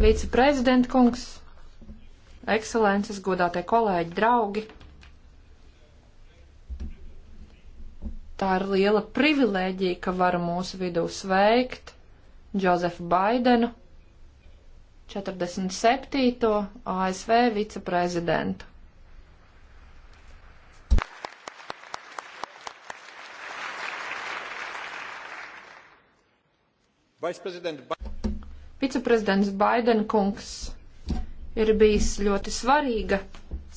Viceprezidenta kungs, ekscelences, godātie kolēģi, draugi. Tā ir liela privilēģija, ka varu mūsu vidū sveikt Džozefu Baidenu, 47. ASV viceprezidentu. Viceprezidents Baiden kungs ir bijis ļoti svarīga,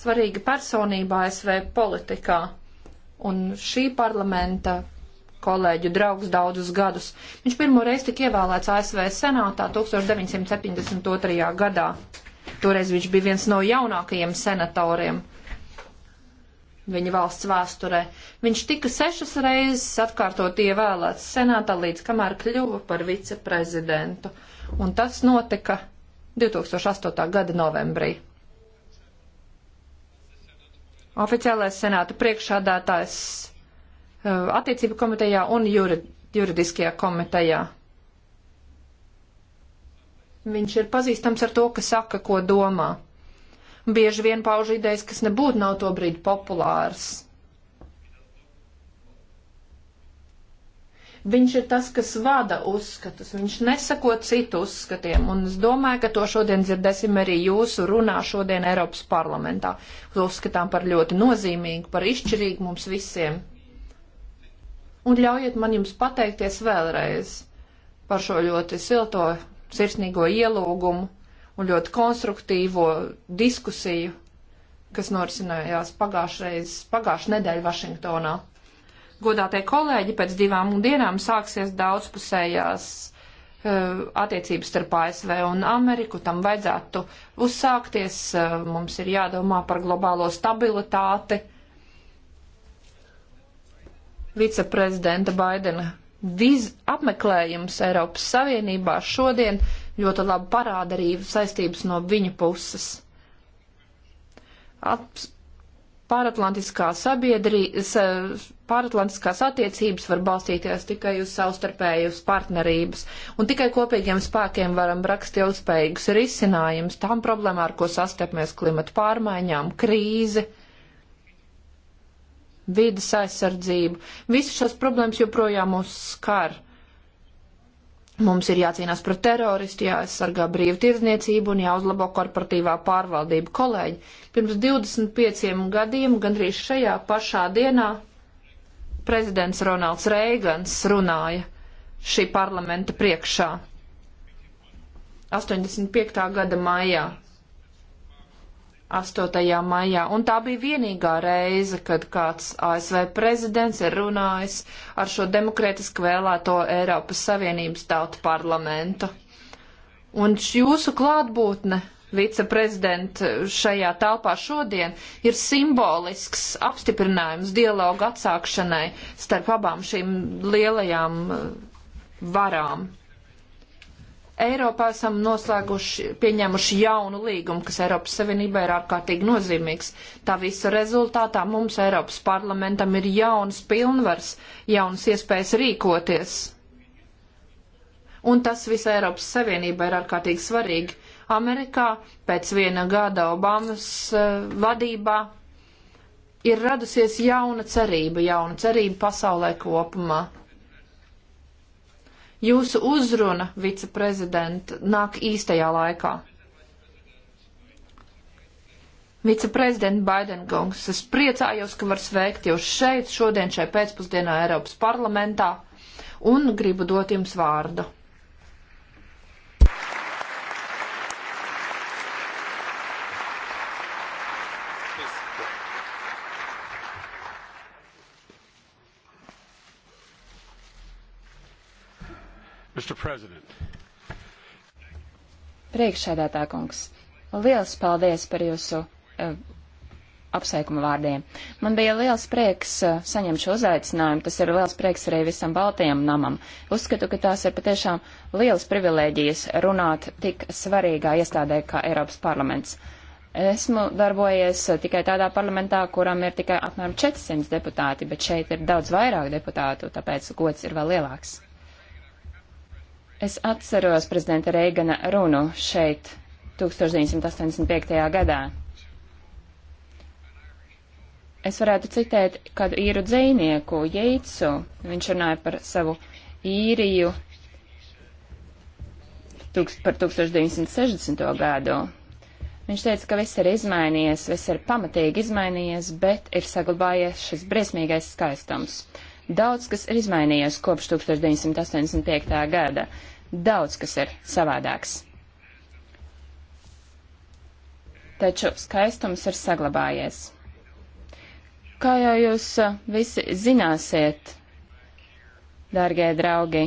svarīga personība ASV politikā, un šī parlamenta kolēģu draugs daudzus gadus. Viņš pirmo reizi tika ievēlēts ASV senātā 1972. gadā. Toreiz viņš bija viens no jaunākajiem senatoriem viņa valsts vēsturē. Viņš tika sešas reizes atkārtot ievēlēts senātā, līdz kamēr kļuva par viceprezidentu. Un tas notika 2008. gada novembrī. Oficiālais senāta priekšādātājs uh, attiecību komitejā un juri, juridiskajā komitejā. Viņš ir pazīstams ar to, ka saka, ko domā bieži vien pauž idejas, kas nebūtu nav to brīdi populāras. viņš ir tas, kas vada uzskatus, viņš nesako citu uzskatiem, un es domāju, ka to šodien dzirdēsim arī jūsu runā šodien Eiropas parlamentā. To uzskatām par ļoti nozīmīgu, par izšķirīgu mums visiem. Un ļaujiet man jums pateikties vēlreiz par šo ļoti silto, sirsnīgo ielūgumu un ļoti konstruktīvo diskusiju, kas norisinājās pagājušā nedēļa Vašingtonā. Godātie kolēģi, pēc divām dienām sāksies daudzpusējās eh, attiecības starp ASV un Ameriku, tam vajadzētu uzsākties, eh, mums ir jādomā par globālo stabilitāti. Viceprezidenta Baidena viz apmeklējums Eiropas Savienībā šodien uh, ļoti labu parādu arī saistības no viņa puses. At, pāratlantiskā sabiedrības, pāratlantiskās attiecības var balstīties tikai uz savstarpējas partnerības, un tikai kopīgiem spēkiem varam rakst ilgspējīgus risinājumus tām problēmām, ar ko sastapamies klimatu pārmaiņām, krīzi, vidas aizsardzību. Visas šās problēmas joprojām mūs skar Mums ir jācīnās pret teroristu, jāaizsargā brīvtirdzniecību un jāuzlabo korporatīvā pārvaldība. Kolēģi, pirms 25 gadiem, gandrīz šajā pašā dienā, prezidents Ronalds Reigans runāja šī parlamenta priekšā 85. gada maijā 8. maijā, un tā bija vienīgā reize, kad kāds ASV prezidents ir runājis ar šo demokrētiski vēlēto Eiropas Savienības tautu parlamentu. Un jūsu klātbūtne, viceprezidenta, šajā telpā šodien ir simbolisks apstiprinājums dialogu atsākšanai starp abām šīm lielajām eh, varām. Eiropā esam noslēguši, pieņēmuši jaunu līgumu, kas Eiropas Savienībā ir ārkārtīgi nozīmīgs. Tā visa rezultātā mums Eiropas parlamentam ir jauns pilnvars, jaunas iespējas rīkoties. Un tas visai Eiropas Savienībai ir ārkārtīgi svarīgi. Amerikā pēc viena gada Obamas uh, vadībā ir radusies jauna cerība, jauna cerība pasaulē kopumā Jūsu uzruna, viceprezidenta, nāk īstajā laikā. Viceprezidenta Baidengungs, es priecājos, ka var sveikt jūs šeit, šodien šai pēcpusdienā Eiropas parlamentā, un gribu dot jums vārdu. Mr. President. Priekšsēdētā kungs, liels paldies par jūsu uh, apsveikuma vārdiem. Man bija liels prieks uh, saņemt šo uzaicinājumu, tas ir liels prieks arī visam Baltajam namam. Uzskatu, ka tās ir patiešām liels privilēģijas runāt tik svarīgā iestādē kā Eiropas parlaments. Esmu darbojies eh, tikai tādā parlamentā, kuram ir tikai apmēram 400 deputāti, bet šeit ir daudz vairāk deputātu, tāpēc gods ir vēl lielāks. Es atceros prezidenta Reigana runu šeit 1985. gadā. Es varētu citēt kādu īru dzīnieku, Jeicu. Viņš runāja par savu īriju par 1960. gadu. Viņš teica, ka viss ir izmainījies, viss ir pamatīgi izmainījies, bet ir saglabājies šis briesmīgais skaistums. Daudz, kas ir izmainījies kopš 1985. gada. Daudz, kas ir savādāks. Taču skaistums ir saglabājies. Kā jau jūs visi zināsiet, dārgie draugi,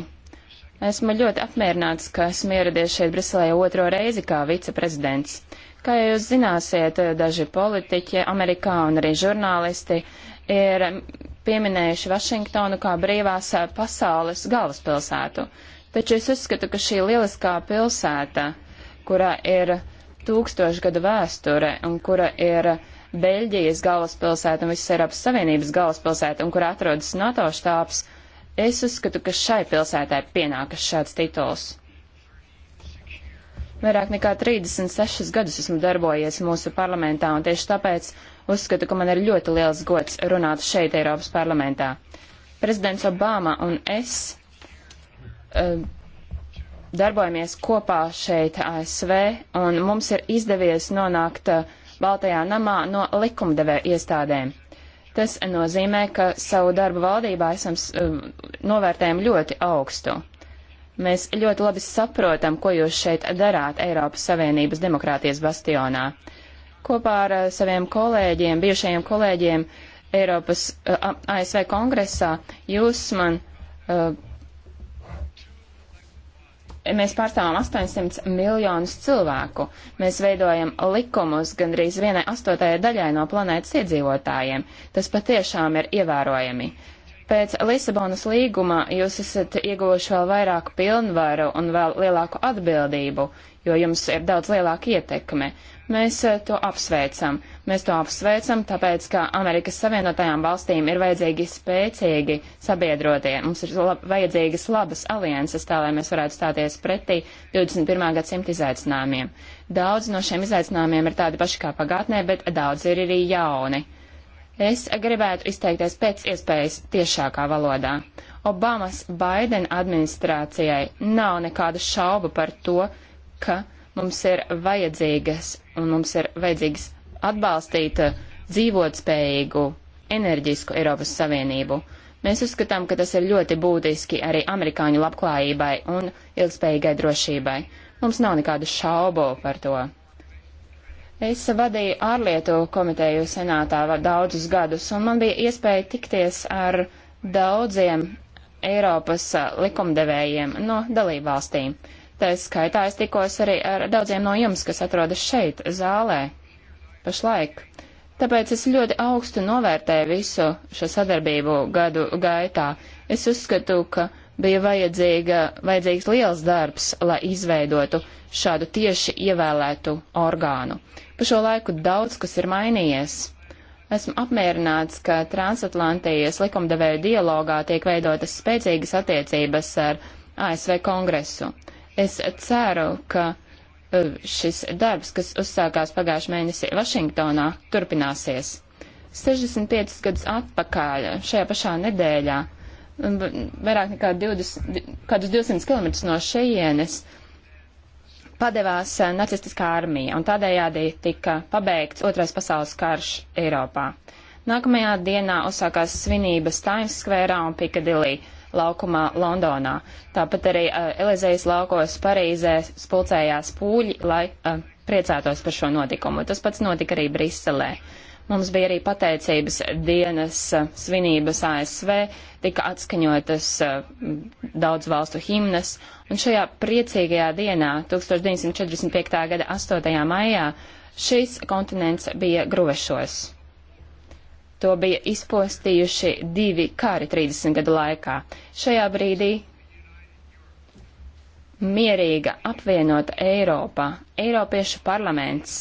esmu ļoti apmierināts, ka esmu ieradies šeit Briselē otro reizi kā viceprezidents. Kā jau jūs zināsiet, daži politiķi Amerikā un arī žurnālisti ir pieminējuši Vašingtonu kā brīvās eh, pasaules galvaspilsētu. Taču es uzskatu, ka šī lieliskā pilsēta, kura ir tūkstošgadu vēsture un kura ir Beļģijas galvaspilsēta un visas Eiropas Savienības galvaspilsēta un kur atrodas NATO štābs, es uzskatu, ka šai pilsētai pienākas šāds tituls. Vairāk nekā 36 gadus esmu darbojies mūsu parlamentā, un tieši tāpēc uzskatu, ka man ir ļoti liels gods runāt šeit, Eiropas parlamentā. Prezidents Obama un es uh, darbojamies kopā šeit ASV, un mums ir izdevies nonākt eh, Baltajā namā no likumdevē iestādēm. Tas nozīmē, ka savu darbu valdībā esam eh, novērtējami ļoti augstu. Mēs ļoti labi saprotam, ko jūs šeit darāt Eiropas Savienības demokrātijas bastionā. Kopā ar uh, saviem kolēģiem, bijušajiem kolēģiem Eiropas uh, eh, ASV kongresā jūs man. Uh, Mēs pārstāvam 800 miljonus cilvēku. Mēs veidojam likumus gandrīz vienai astotajai daļai no planētas iedzīvotājiem. Tas patiešām ir ievērojami. Uh, Pēc Lisabonas līguma jūs esat ieguvuši vēl vairāk pilnvaru un vēl lielāku atbildību, jo jums ir daudz lielāka ietekme. Mēs eh, to apsveicam. Mēs to apsveicam, tāpēc, ka Amerikas Savienotajām valstīm ir vajadzīgi spēcīgi sabiedrotie. Mums ir lab vajadzīgas labas alianses, tā lai mēs varētu stāties pretī 21. gadsimta izaicinājumiem. Daudz no šiem izaicinājumiem ir tādi paši kā pagātnē, bet daudz ir arī jauni. Es gribētu izteikties pēc iespējas tiešākā valodā. Obamas Baidena administrācijai nav nekāda šauba par to, ka mums ir vajadzīgas un mums ir vajadzīgas atbalstīt dzīvotspējīgu, enerģisku Eiropas Savienību. Mēs uzskatām, ka tas ir ļoti būtiski arī amerikāņu labklājībai un ilgspējīgai drošībai. Mums nav nekādu šaubu par to. Es vadīju ārlietu komiteju senātā daudzus gadus, un man bija iespēja tikties ar daudziem Eiropas likumdevējiem no dalībvalstīm. Tā skaitā es tikos arī ar daudziem no jums, kas atrodas šeit, zālē, pašlaik. Tāpēc es ļoti augstu novērtēju visu šo sadarbību gadu gaitā. Es uzskatu, ka bija vajadzīgs liels darbs, lai izveidotu šādu tieši ievēlētu orgānu. Pa šo laiku daudz kas ir mainījies. Esmu apmierināts, ka transatlantijas likumdevēju dialogā tiek veidotas spēcīgas attiecības ar ASV kongresu. Es ceru, ka e, šis darbs, kas uzsākās pagājušajā mēnesī Vašingtonā, turpināsies. 65 gadus atpakaļ šajā pašā nedēļā vairāk nekā 20, kādus 200 km no šejienes padevās eh, nacistiskā armija, un tādējādi tika pabeigts otrais pasaules karš Eiropā. Nākamajā dienā uzsākās svinības Times Square un Piccadilly laukumā Londonā. Tāpat arī uh, eh, Elizejas laukos Parīzē spulcējās pūļi, lai uh, priecātos par šo notikumu. Tas pats notika arī Briselē. Uh, Mums bija arī pateicības dienas svinības ASV, tika atskaņotas daudz valstu himnas, un šajā priecīgajā dienā, 1945. gada 8. maijā, šis kontinents bija gruvešos. To bija izpostījuši divi kari 30 gadu laikā. Šajā brīdī mierīga apvienota Eiropa, Eiropiešu parlaments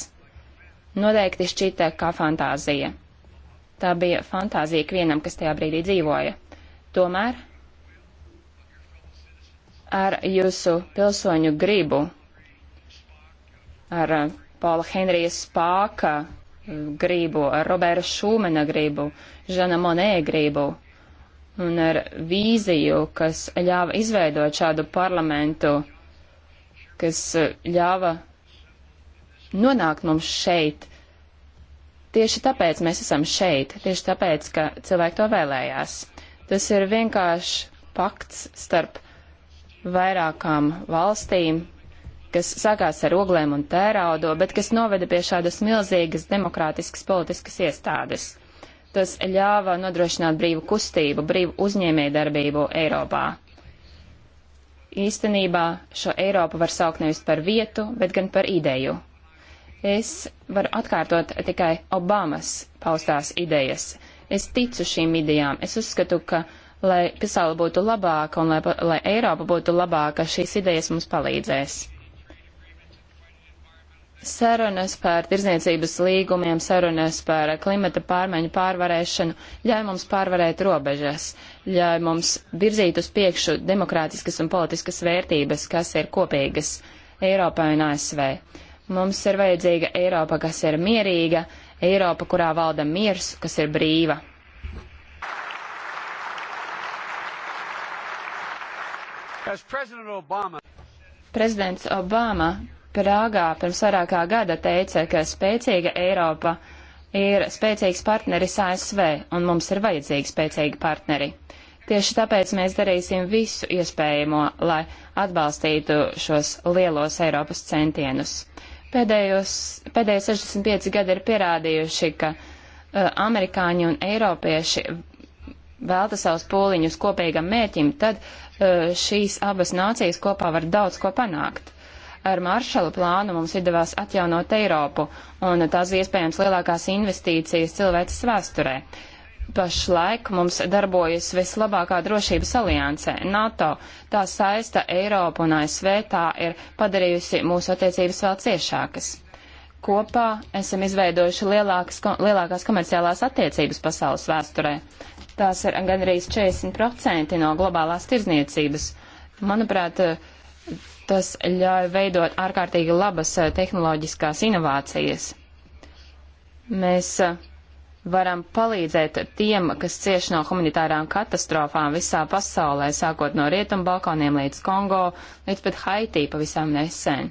noteikti šķita kā fantāzija. Tā bija fantāzija ikvienam, kas tajā brīdī dzīvoja. Tomēr ar jūsu pilsoņu gribu, ar Paula Henrija Spāka gribu, ar Roberta Šūmena gribu, Žana Monē gribu un ar vīziju, kas ļāva izveidot šādu parlamentu, kas ļāva nonāk mums šeit. Tieši tāpēc mēs esam šeit, tieši tāpēc, ka cilvēki to vēlējās. Tas ir vienkārši pakts starp vairākām valstīm, kas sākās ar oglēm un tēraudo, bet kas noveda pie šādas milzīgas demokrātiskas politiskas iestādes. Tas ļāva nodrošināt brīvu kustību, brīvu uzņēmējdarbību Eiropā. Īstenībā šo Eiropu var saukt nevis par vietu, bet gan par ideju. Es varu atkārtot tikai Obamas paustās idejas. Es ticu šīm idejām. Es uzskatu, ka, lai pasaule būtu labāka un lai, lai Eiropa būtu labāka, šīs idejas mums palīdzēs. Sarunas par tirzniecības līgumiem, sarunas par klimata pārmaiņu pārvarēšanu ļauj mums pārvarēt robežas, ļauj mums virzīt uz priekšu demokrātiskas un politiskas vērtības, kas ir kopīgas Eiropai un ASV. Mums ir vajadzīga Eiropa, kas ir mierīga, Eiropa, kurā valda miers, kas ir brīva. Obama... Prezidents Obama Prāgā pirms vairākā gada teica, ka spēcīga Eiropa ir spēcīgs partneris ASV, un mums ir vajadzīgi spēcīgi partneri. Tieši tāpēc mēs darīsim visu iespējamo, lai atbalstītu šos lielos Eiropas centienus. Pēdējos, pēdējie 65 gadi ir pierādījuši, ka uh, amerikāņi un eiropieši velta savus pūliņus kopīgam mērķim, tad uh, šīs abas nācijas kopā var daudz ko panākt. Ar maršala plānu mums izdevās atjaunot Eiropu, un tās iespējams lielākās investīcijas cilvēces vēsturē. Uh, Pašlaik mums darbojas vislabākā drošības aliansē - NATO. Tā saista Eiropu un ASV tā ir padarījusi mūsu attiecības vēl ciešākas. Kopā esam izveidojuši lielākas, lielākās komerciālās attiecības pasaules vēsturē. Tās ir gandrīz 40% no globālās tirzniecības. Manuprāt, tas ļauj veidot ārkārtīgi labas eh, tehnoloģiskās inovācijas. Mēs uh, varam palīdzēt tiem, kas cieš no humanitārām katastrofām visā pasaulē, sākot no Rietumbalkaniem līdz Kongo, līdz pat Haitī pavisam nesen.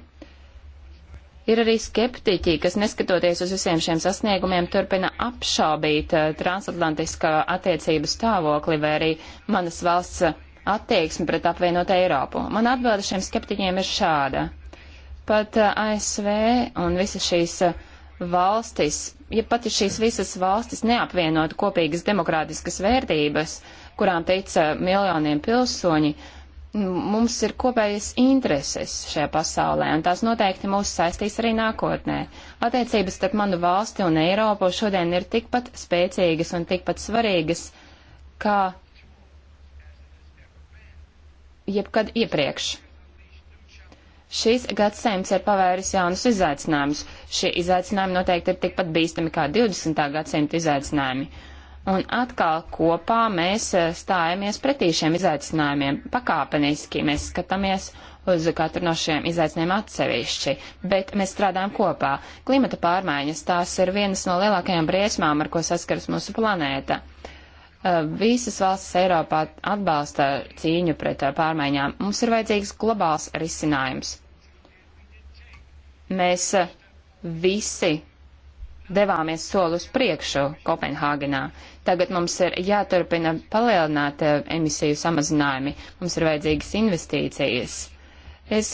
Ir arī skeptiķi, kas neskatoties uz visiem šiem sasniegumiem, turpina apšaubīt uh, eh, transatlantiskā attiecību stāvokli vai arī manas valsts eh, attieksmi pret apvienot Eiropu. Man atbilde šiem skeptiķiem ir šāda. Pat uh, eh, ASV un visas šīs uh, valstis, ja pat ja šīs visas valstis neapvienot kopīgas demokrātiskas vērtības, kurām teica miljoniem pilsoņi, mums ir kopējas intereses šajā pasaulē, un tās noteikti mūs saistīs arī nākotnē. Attiecības starp manu valsti un Eiropu šodien ir tikpat spēcīgas un tikpat svarīgas, kā jebkad iepriekš. Šīs gadsimts ir pavēris jaunus izaicinājumus. Šie izaicinājumi noteikti ir tikpat bīstami kā 20. gadsimta izaicinājumi. Un atkal kopā mēs eh, stājamies pretī šiem izaicinājumiem. Pakāpeniski mēs skatāmies uz katru no šiem izaicinājumiem atsevišķi, bet mēs strādājam kopā. Klimata pārmaiņas tās ir vienas no lielākajām briesmām, ar ko saskaras mūsu planēta. Uh, Eh, visas valstis Eiropā atbalsta cīņu pret eh, pārmaiņām. Mums ir vajadzīgs globāls risinājums. Mēs eh, visi devāmies soli uz priekšu Kopenhāgenā. Tagad mums ir jāturpina palielināt emisiju samazinājumi, mums ir vajadzīgas investīcijas. Es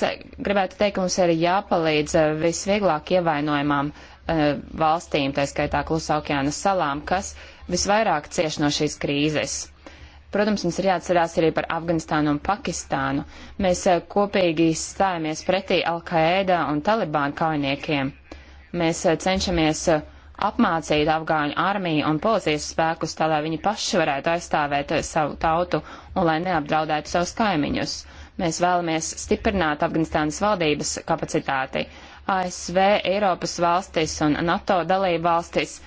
gribētu teikt, ka mums ir jāpalīdz visvieglāk ievainojumām e, valstīm, tā skaitā Klusa okeāna salām, kas visvairāk cieš no šīs krīzes. Protams, mums ir jāatcerās arī par Afganistānu un Pakistānu. Mēs eh, kopīgi stājamies pretī Al-Qaeda un Talibānu kaujiniekiem. Mēs eh, cenšamies eh, apmācīt afgāņu armiju un policijas spēkus, tā lai viņi paši varētu aizstāvēt savu tautu un lai neapdraudētu savus kaimiņus. Mēs vēlamies stiprināt Afganistānas valdības kapacitāti. ASV, Eiropas valstis un NATO dalību valstis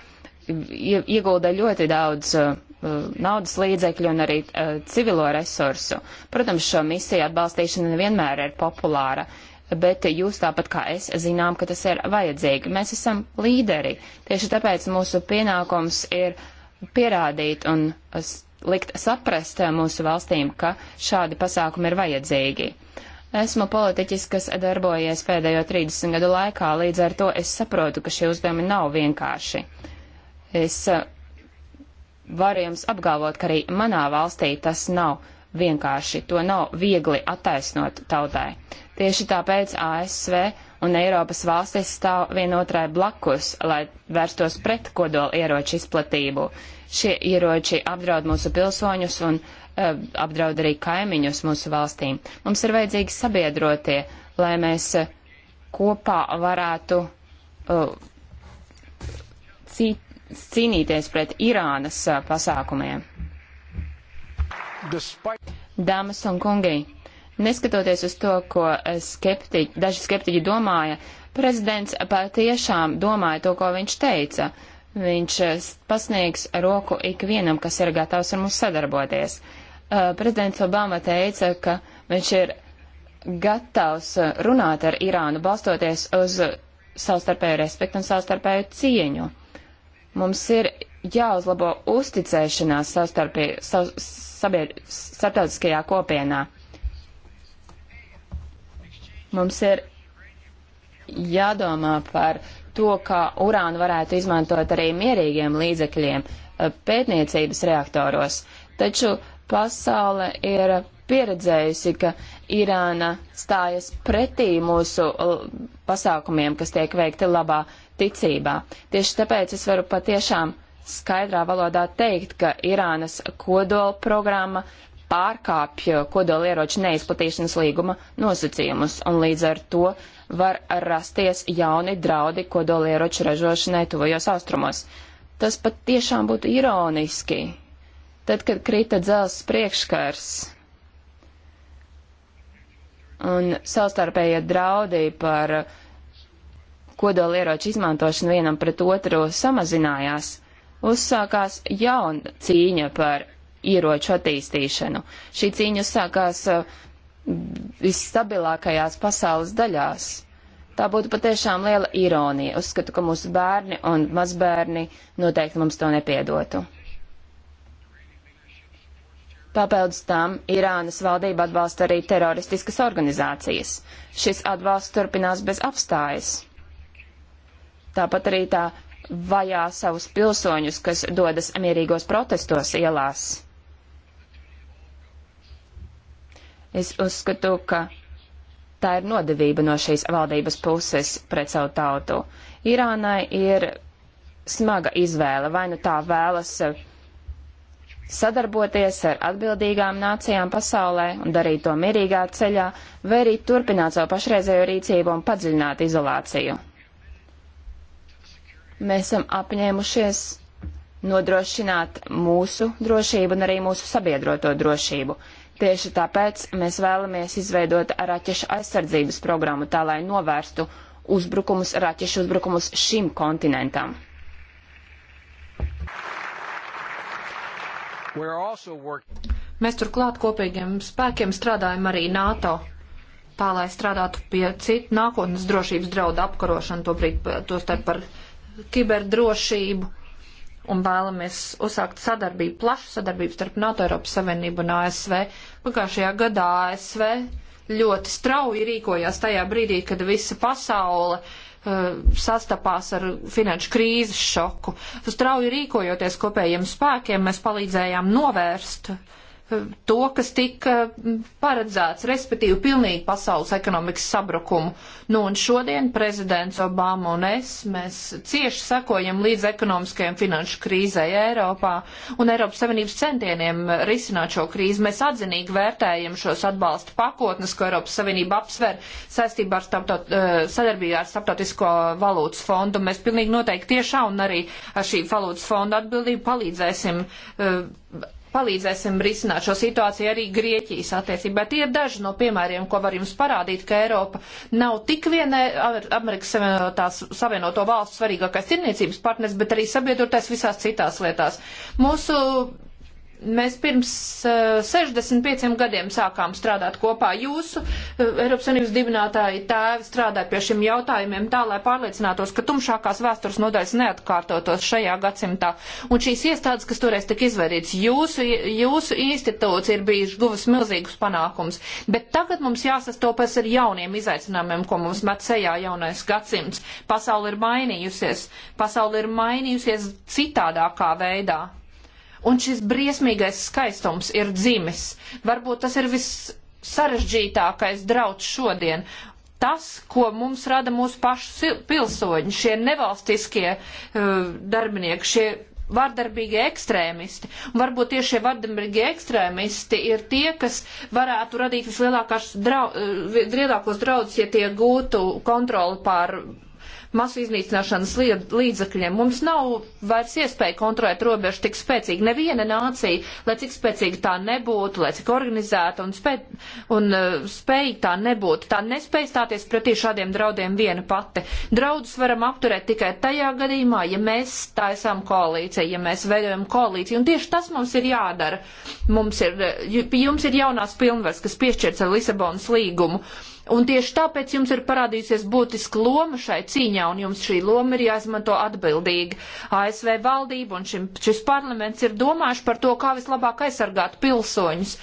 iegulda ļoti daudz uh, naudas līdzekļu un arī uh, civilo resursu. Protams, šo misiju atbalstīšana nevienmēr ir populāra, bet jūs tāpat kā es zinām, ka tas ir vajadzīgi. Mēs esam līderi, tieši tāpēc mūsu pienākums ir pierādīt un likt saprast uh, mūsu valstīm, ka šādi pasākumi ir vajadzīgi. Esmu politiķis, kas darbojies pēdējo 30 gadu laikā, līdz ar to es saprotu, ka šie uzdevumi nav vienkārši. Uh, Es eh, varu jums apgalvot, ka arī manā valstī tas nav vienkārši, to nav viegli attaisnot tautai. Tieši tāpēc ASV un Eiropas valstis stāv vienotrai blakus, lai vērstos pret kodola ieroču izplatību. Šie ieroči apdraud mūsu pilsoņus un e, apdraud arī kaimiņus mūsu valstīm. Mums ir vajadzīgi sabiedrotie, lai mēs eh, kopā varētu uh, cīt, cīnīties pret Irānas pasākumiem. Dāmas un kungi, neskatoties uz to, ko skeptiķi, daži skeptiķi domāja, prezidents patiešām domāja to, ko viņš teica. Viņš pasniegs roku ikvienam, kas ir gatavs ar mums sadarboties. Prezidents Obama teica, ka viņš ir gatavs runāt ar Irānu, balstoties uz savstarpēju respektu un savstarpēju cieņu. Mums ir jāuzlabo uzticēšanās starptautiskajā kopienā. Mums ir jādomā par to, kā urānu varētu izmantot arī mierīgiem līdzekļiem eh, pētniecības reaktoros. Taču pasaule ir pieredzējusi, ka Irāna stājas pretī mūsu pasākumiem, kas tiek veikti labā ticībā. Tieši tāpēc es varu patiešām skaidrā valodā teikt, ka Irānas kodola programma pārkāpj kodola ieroču neizplatīšanas līguma nosacījumus, un līdz ar to var rasties jauni draudi kodola ieroču ražošanai tuvajos austrumos. Tas pat tiešām būtu ironiski. Tad, kad krita dzels priekškars, un savstarpējie draudi par kodolieroču izmantošanu vienam pret otru samazinājās, uzsākās jauna cīņa par ieroču attīstīšanu. Šī cīņa uzsākās uh, visstabilākajās pasaules daļās. Tā būtu patiešām liela ironija. Uzskatu, ka mūsu bērni un mazbērni noteikti mums to nepiedotu. Papildus tam Irānas valdība atbalsta arī teroristiskas organizācijas. Šis atbalsts turpinās bez apstājas. Tāpat arī tā vajā savus pilsoņus, kas dodas mierīgos protestos ielās. Es uzskatu, ka tā ir nodevība no šīs valdības puses pret savu tautu. Irānai ir smaga izvēle, vai nu tā vēlas sadarboties ar atbildīgām nācijām pasaulē un darīt to mierīgā ceļā, vai arī turpināt savu pašreizējo rīcību un padziļināt izolāciju. Mēs esam apņēmušies nodrošināt mūsu drošību un arī mūsu sabiedroto drošību. Tieši tāpēc mēs vēlamies izveidot raķešu aizsardzības programmu tā, lai novērstu uzbrukumus, raķešu uzbrukumus šim kontinentam. Mēs turklāt kopīgiem spēkiem strādājam arī NATO, tā lai strādātu pie citu nākotnes drošības draudu apkarošanu, tobrīd to starp par kiberdrošību, un vēlamies uzsākt sadarbību, plašu sadarbību starp NATO, Eiropas Savienību un ASV. Pagājušajā gadā ASV ļoti strauji rīkojās tajā brīdī, kad visa pasaule uh, Eh, sastapās ar finanšu krīzes šoku. Strauji rīkojoties kopējiem spēkiem, mēs palīdzējām novērst uh, to, kas tika paredzēts, respektīvi pilnīgi pasaules ekonomikas sabrukumu. Nu un šodien prezidents Obama un es, mēs cieši sekojam līdz ekonomiskajam finanšu krīzai Eiropā un Eiropas Savienības centieniem risināt šo krīzi. Mēs atzinīgi vērtējam šos atbalsta pakotnes, ko Eiropas Savienība apsver saistībā ar starptaut, e, sadarbībā ar Starptautisko valūtas fondu. Mēs pilnīgi noteikti tiešā un arī ar šī valūtas fonda atbildību palīdzēsim e, palīdzēsim risināt šo situāciju arī Grieķijas attiecībā. Tie ir daži no piemēriem, ko var jums parādīt, ka Eiropa nav tik vienai Amerikas Savienotās Savienoto valstu svarīgākais tirniecības partners, bet arī sabiedrotais visās citās lietās. Mūsu Mēs pirms uh, eh, 65 gadiem sākām strādāt kopā. Jūsu uh, Eiropas Savienības dibinātāji tēvi strādāja pie šiem jautājumiem tā, lai pārliecinātos, ka tumšākās vēstures nodaļas neatkārtotos šajā gadsimtā. Un šīs iestādes, kas toreiz tika izveidīts, jūsu, jūsu institūts ir bijis guvis milzīgus panākums. Bet tagad mums jāsastopas ar jauniem izaicinājumiem, ko mums met sejā jaunais gadsimts. Pasauli ir mainījusies. Pasauli ir mainījusies citādākā veidā. Un šis briesmīgais skaistums ir dzimis. Varbūt tas ir viss sarežģītākais draudz šodien. Tas, ko mums rada mūsu pašu pilsoņi, šie nevalstiskie uh, darbinieki, šie vardarbīgie ekstrēmisti. Un varbūt tieši šie vardarbīgie ekstrēmisti ir tie, kas varētu radīt vislielākos uh, draudz, ja tie gūtu kontroli pār masu iznīcināšanas līdzakļiem. Mums nav vairs iespēja kontrolēt robežu tik spēcīgi. Neviena nācija, lai cik spēcīga tā nebūtu, lai cik organizēta un, spē, un uh, spējīga tā nebūtu, tā nespēj stāties pretī šādiem draudiem viena pati. Draudus varam apturēt tikai tajā gadījumā, ja mēs tā esam koalīcija, ja mēs veidojam koalīciju. Un tieši tas mums ir jādara. Mums ir, uh, jums ir jaunās pilnvars, kas piešķirts ar Lisabonas līgumu. Uh, Un tieši tāpēc jums ir parādījusies būtiska loma šai cīņā, un jums šī loma ir jāizmanto atbildīgi. ASV valdība un šim, šis parlaments ir domājuši par to, kā vislabāk aizsargāt pilsoņus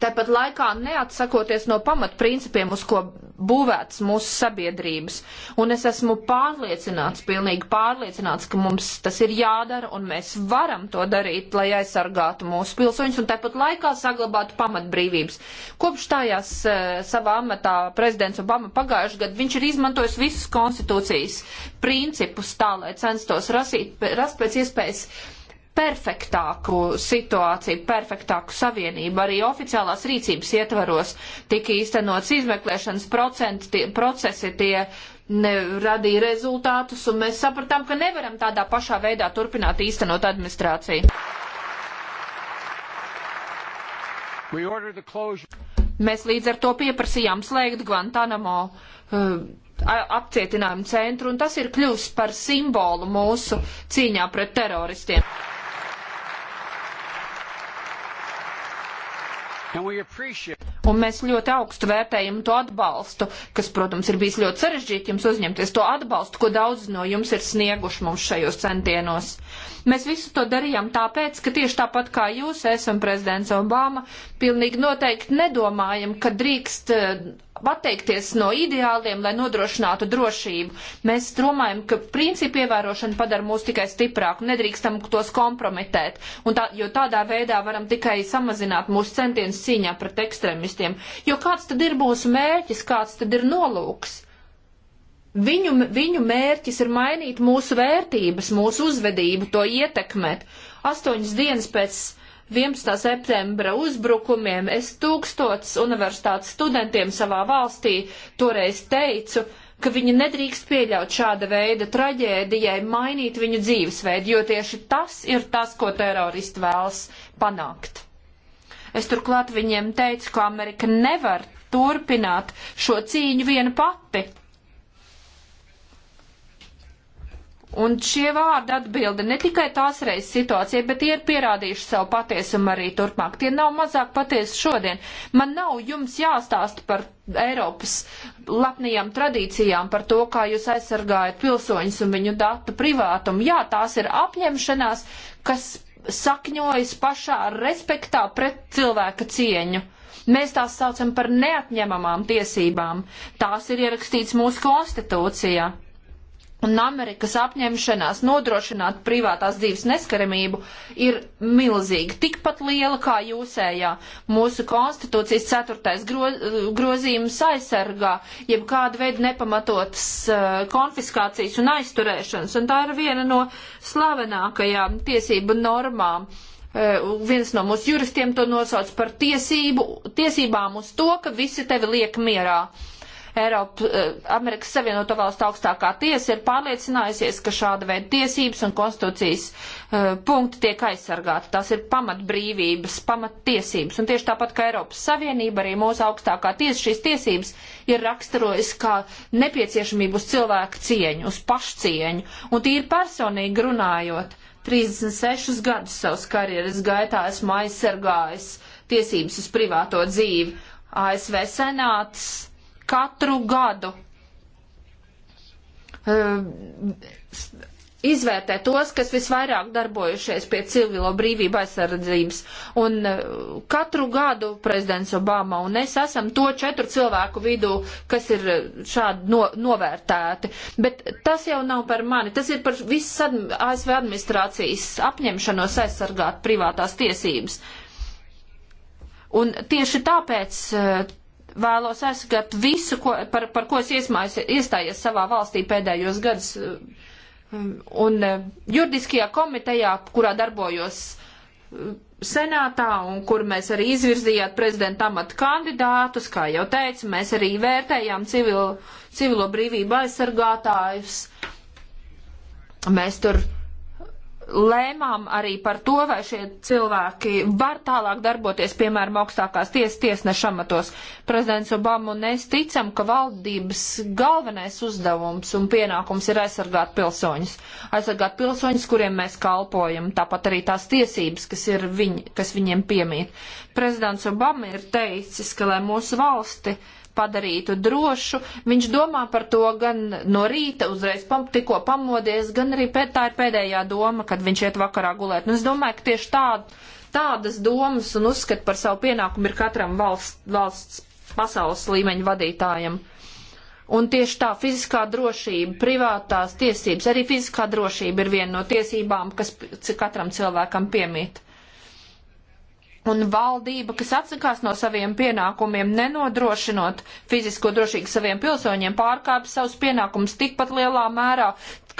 tāpat laikā neatsakoties no pamatprincipiem, uz ko būvēts mūsu sabiedrības. Un es esmu pārliecināts, pilnīgi pārliecināts, ka mums tas ir jādara un mēs varam to darīt, lai aizsargātu mūsu pilsoņus un tāpat laikā saglabātu pamatbrīvības. Kopš stājās uh, savā amatā prezidents Obama pagājušajā gadā, viņš ir izmantojis visus konstitūcijas principus tā, lai censtos rasīt, rast pēc iespējas perfektāku situāciju, perfektāku savienību. Arī oficiālās rīcības ietvaros tika īstenots izmeklēšanas procenti, tie, procesi, tie ne, radīja rezultātus, un mēs sapratām, ka nevaram tādā pašā veidā turpināt īstenot administrāciju. Mēs līdz ar to pieprasījām slēgt Guantanamo uh, apcietinājumu centru, un tas ir kļuvis par simbolu mūsu cīņā pret teroristiem. Un mēs ļoti augstu vērtējam to atbalstu, kas, protams, ir bijis ļoti sarežģīti jums uzņemties, to atbalstu, ko daudz no jums ir snieguši mums šajos centienos. Mēs visu to darījām tāpēc, ka tieši tāpat kā jūs, esam prezidents Obama, pilnīgi noteikti nedomājam, ka drīkst eh, atteikties no ideāliem, lai nodrošinātu drošību. Mēs domājam, ka principu ievērošana padara mūs tikai stiprāku, nedrīkstam tos kompromitēt, tā, jo tādā veidā varam tikai samazināt mūsu centienus cīņā pret ekstremistiem. Jo kāds tad ir mūsu mērķis, kāds tad ir nolūks? Viņu, viņu mērķis ir mainīt mūsu vērtības, mūsu uzvedību, to ietekmēt. Astoņas dienas pēc 11. septembra uzbrukumiem es tūkstots universitātes studentiem savā valstī toreiz teicu, ka viņi nedrīkst pieļaut šāda veida traģēdijai, mainīt viņu dzīvesveidu, jo tieši tas ir tas, ko teroristi vēlas panākt. Es turklāt viņiem teicu, ka Amerika nevar turpināt šo cīņu viena pati Un šie vārdi atbilda ne tikai tās reizes situācijai, bet tie ir pierādījuši savu patiesumu arī turpmāk. Tie nav mazāk patiesi šodien. Man nav jums jāstāst par Eiropas lepnījām tradīcijām, par to, kā jūs aizsargājat pilsoņus un viņu datu privātumu. Jā, tās ir apņemšanās, kas sakņojas pašā respektā pret cilvēka cieņu. Mēs tās saucam par neatņemamām tiesībām. Tās ir ierakstīts mūsu konstitūcijā un Amerikas apņemšanās nodrošināt privātās dzīves neskaramību ir milzīga, tikpat liela kā jūsējā. Mūsu konstitūcijas ceturtais gro, grozījums aizsargā, jeb kāda veida nepamatotas uh, konfiskācijas un aizturēšanas, un tā ir viena no slavenākajām tiesību normām. Uh, viens no mūsu juristiem to nosauc par tiesību, tiesībām uz to, ka visi tevi liek mierā. Uh, Eiropa, eh, Amerikas Savienoto Valstu augstākā tiesa ir pārliecinājusies, ka šāda veida tiesības un konstitūcijas uh, punkti tiek aizsargāti. Tās ir pamatbrīvības, pamattiesības. Un tieši tāpat kā Eiropas Savienība, arī mūsu augstākā tiesa šīs tiesības ir raksturojusi kā nepieciešamību uz cilvēku cieņu, uz pašcieņu. Un tīri personīgi runājot, 36 gadus savas karjeras gaitā esmu aizsargājis tiesības uz privāto dzīvi. ASV senāts katru gadu ehm, izvērtē tos, kas visvairāk darbojušies pie civilo brīvību aizsardzības. Un e, katru gadu prezidents Obama un es esam to četru cilvēku vidū, kas ir e, šādi no, novērtēti. Bet tas jau nav par mani, tas ir par visas admi ASV administrācijas apņemšanos aizsargāt privātās tiesības. Un tieši tāpēc e, vēlos aizskart visu, ko, par, par ko es iesmāju, iestājies savā valstī pēdējos gadus. Uh, un uh, juridiskajā komitejā, kurā darbojos uh, senātā un kur mēs arī izvirzījāt prezidenta amata kandidātus, kā jau teicu, mēs arī vērtējām civilo, civilo brīvību aizsargātājus. Mēs tur lēmām arī par to, vai šie cilvēki var tālāk darboties, piemēram, augstākās ties, tiesneša amatos. Prezidents Obama un es ticam, ka valdības galvenais uzdevums un pienākums ir aizsargāt pilsoņus. Aizsargāt pilsoņus, kuriem mēs kalpojam, tāpat arī tās tiesības, kas, ir viņ, kas viņiem piemīt. Prezidents Obama ir teicis, ka lai mūsu valsti uh, padarītu drošu. Viņš domā par to gan no rīta, uzreiz pam, tikko pamodies, gan arī pēc tā ir pēdējā doma, kad viņš iet vakarā gulēt. Un nu, es domāju, ka tieši tā, tādas domas un uzskat par savu pienākumu ir katram valsts, valsts pasaules līmeņa vadītājam. Un tieši tā fiziskā drošība, privātās tiesības, arī fiziskā drošība ir viena no tiesībām, kas katram cilvēkam piemīt. Un valdība, kas atsakās no saviem pienākumiem, nenodrošinot fizisko drošību saviem pilsoņiem, pārkāpj savus pienākumus tikpat lielā mērā,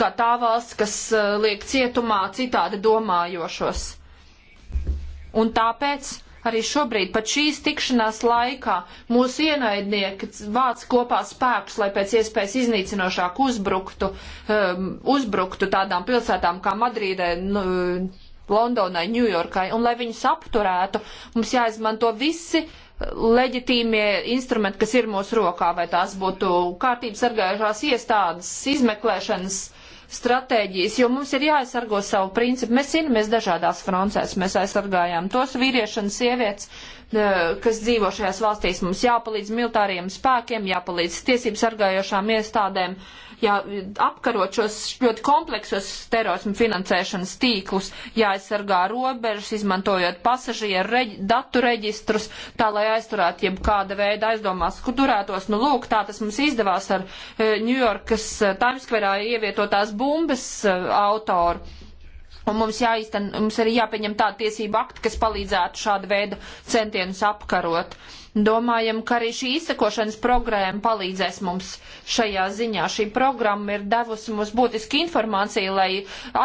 kā tā valsts, kas uh, liek cietumā citādi domājošos. Un tāpēc arī šobrīd, pat šīs tikšanās laikā, mūsu ienaidnieki vāc kopā spēkus, lai pēc iespējas iznīcinošāk uzbruktu, um, uzbruktu tādām pilsētām kā Madrīdē. Nu, Londonai, Ņujorkai, un lai viņus apturētu, mums jāizmanto visi eh, leģitīmie instrumenti, kas ir mūsu rokā, vai tās būtu kārtības sargājušās iestādes, izmeklēšanas stratēģijas, jo mums ir jāaizsargo savu principu. Mēs cīnāmies dažādās frontēs, mēs aizsargājām tos vīriešus un sievietes, Eh, kas dzīvo šajās valstīs. Mums jāpalīdz militāriem spēkiem, jāpalīdz tiesību sargājošām iestādēm, jā, apkarot šos ļoti kompleksos terorismu finansēšanas tīklus, jāaizsargā robežas, izmantojot pasažieru reģi, datu reģistrus, tā lai aizturētu jebkāda veida aizdomās, kur turētos. Nu, lūk, tā tas mums izdevās ar Ņujorkas eh, eh, Times Square ivietotās bumbas autoru un mums jāizten, mums arī jāpieņem tā tiesība akti, kas palīdzētu šādu veidu centienus apkarot. Domājam, ka arī šī izsekošanas programma palīdzēs mums šajā ziņā. Šī programma ir devusi mums būtiski informāciju, lai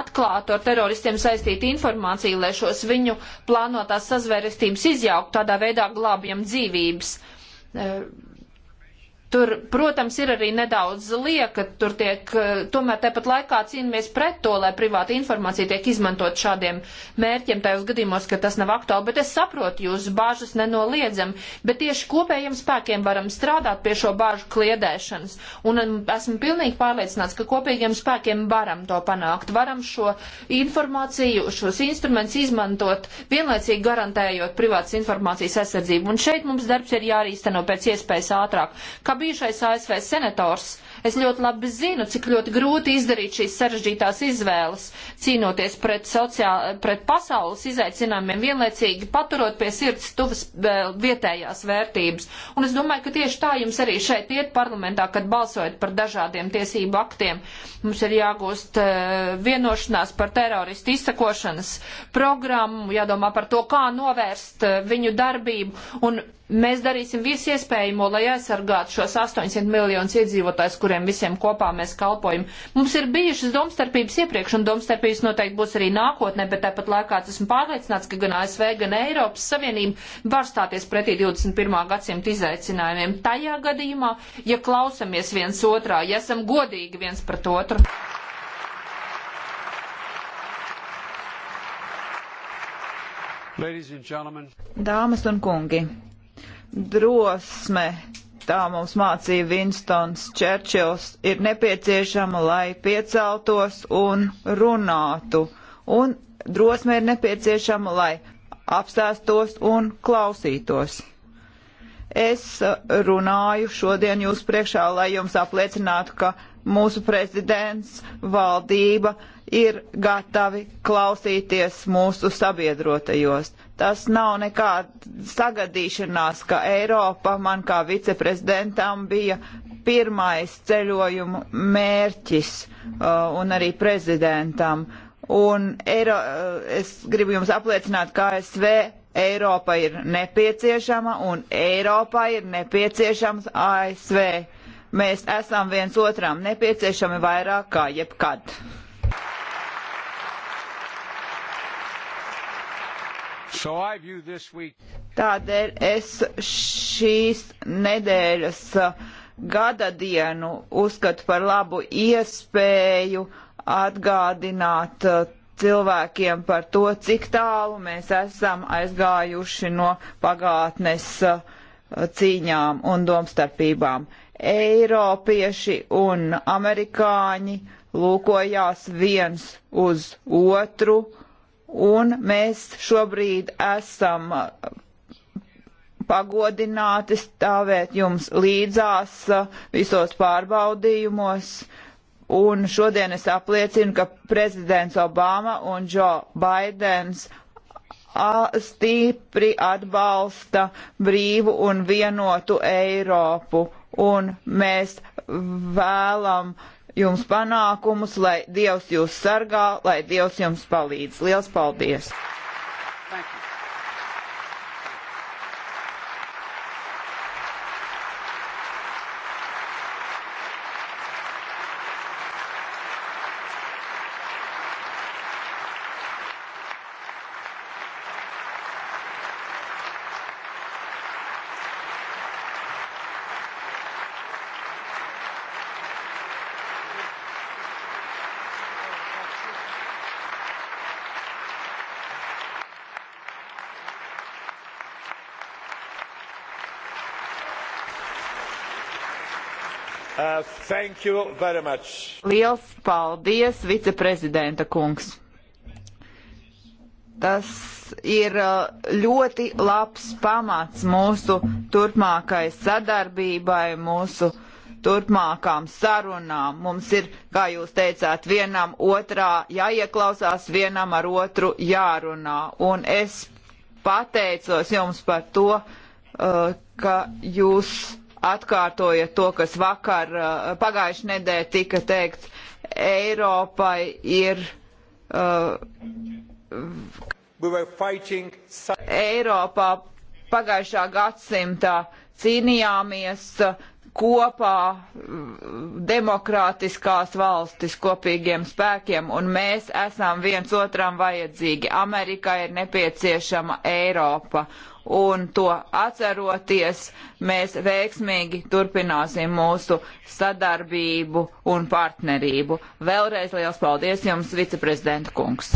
atklātu ar teroristiem saistītu informāciju, lai šos viņu plānotās sazvērestības izjauktu, tādā veidā glābjam dzīvības. Eh, Tur, protams, ir arī nedaudz lieka, tur tiek, eh, tomēr tāpat laikā cīnāmies pret to, lai privāta informācija tiek izmantot šādiem mērķiem, tajos gadījumos, ka tas nav aktuāli, bet es saprotu jūsu bāžas nenoliedzam, bet tieši kopējiem spēkiem varam strādāt pie šo bāžu kliedēšanas, un um, esmu pilnīgi pārliecināts, ka kopējiem spēkiem varam to panākt, varam šo informāciju, šos instrumentus izmantot, vienlaicīgi garantējot privātas informācijas aizsardzību, un šeit mums darbs ir jārīsteno pēc iespējas ātrāk. Kā bijušais ASV senators. Es ļoti labi zinu, cik ļoti grūti izdarīt šīs sarežģītās izvēles, cīnoties pret, sociāl, pret pasaules izaicinājumiem, vienlaicīgi paturot pie sirds tuvas e, vietējās vērtības. Un es domāju, ka tieši tā jums arī šeit iet parlamentā, kad balsojat par dažādiem tiesību aktiem. Mums ir jāgūst e, vienošanās par teroristu izsakošanas programmu, jādomā par to, kā novērst e, viņu darbību. Un Mēs darīsim visu iespējamo, lai aizsargātu šos 800 miljonus iedzīvotājus, kuriem visiem kopā mēs kalpojam. Mums ir bijušas domstarpības iepriekš, un domstarpības noteikti būs arī nākotnē, bet tāpat laikā esmu pārliecināts, ka gan ASV, gan Eiropas Savienība var stāties pretī 21. gadsimta izaicinājumiem. Tajā gadījumā, ja klausamies viens otrā, ja esam godīgi viens pret otru. Dāmas un kungi! drosme, tā mums mācīja Vinstons Čerčils, ir nepieciešama, lai pieceltos un runātu. Un drosme ir nepieciešama, lai apstāstos un klausītos. Es uh, runāju šodien jūs priekšā, lai jums apliecinātu, ka mūsu prezidents, valdība ir gatavi klausīties mūsu sabiedrotajos. Tas nav nekāda sagadīšanās, ka Eiropa man kā viceprezidentam bija pirmais ceļojuma mērķis uh, un arī prezidentam. Un Eiro, uh, es gribu jums apliecināt, ka ASV Eiropa ir nepieciešama un Eiropā ir nepieciešams ASV Mēs esam viens otram nepieciešami vairāk kā jebkad. So Tādēļ es šīs nedēļas uh, gada dienu uzskatu par labu iespēju atgādināt uh, cilvēkiem par to, cik tālu mēs esam aizgājuši no pagātnes uh, cīņām un domstarpībām. Eiropieši un amerikāņi lūkojās viens uz otru, un mēs šobrīd esam pagodināti stāvēt jums līdzās uh, visos pārbaudījumos. Un šodien es apliecinu, ka prezidents Obama un Džo Baidens stipri atbalsta brīvu un vienotu Eiropu un mēs vēlam jums panākumus, lai Dievs jūs sargā, lai Dievs jums palīdz. Liels paldies! Thank you. Uh, Liels paldies, viceprezidenta kungs! Tas ir uh, ļoti labs pamats mūsu turpmākai sadarbībai, mūsu turpmākām sarunām. Mums ir, kā jūs teicāt, vienam otrā jāieklausās, vienam ar otru jārunā. Un es pateicos jums par to, uh, ka jūs atkārtojat to, kas vakar uh, pagājuši nedēļ tika teikts, Eiropai ir. Uh, Eiropā pagājušā gadsimtā cīnījāmies uh, kopā mm, demokrātiskās valstis kopīgiem spēkiem, un mēs esam viens otram vajadzīgi. Amerikai ir nepieciešama Eiropa, un to atceroties, mēs veiksmīgi turpināsim mūsu sadarbību un partnerību. Vēlreiz liels paldies jums, viceprezidenta kungs!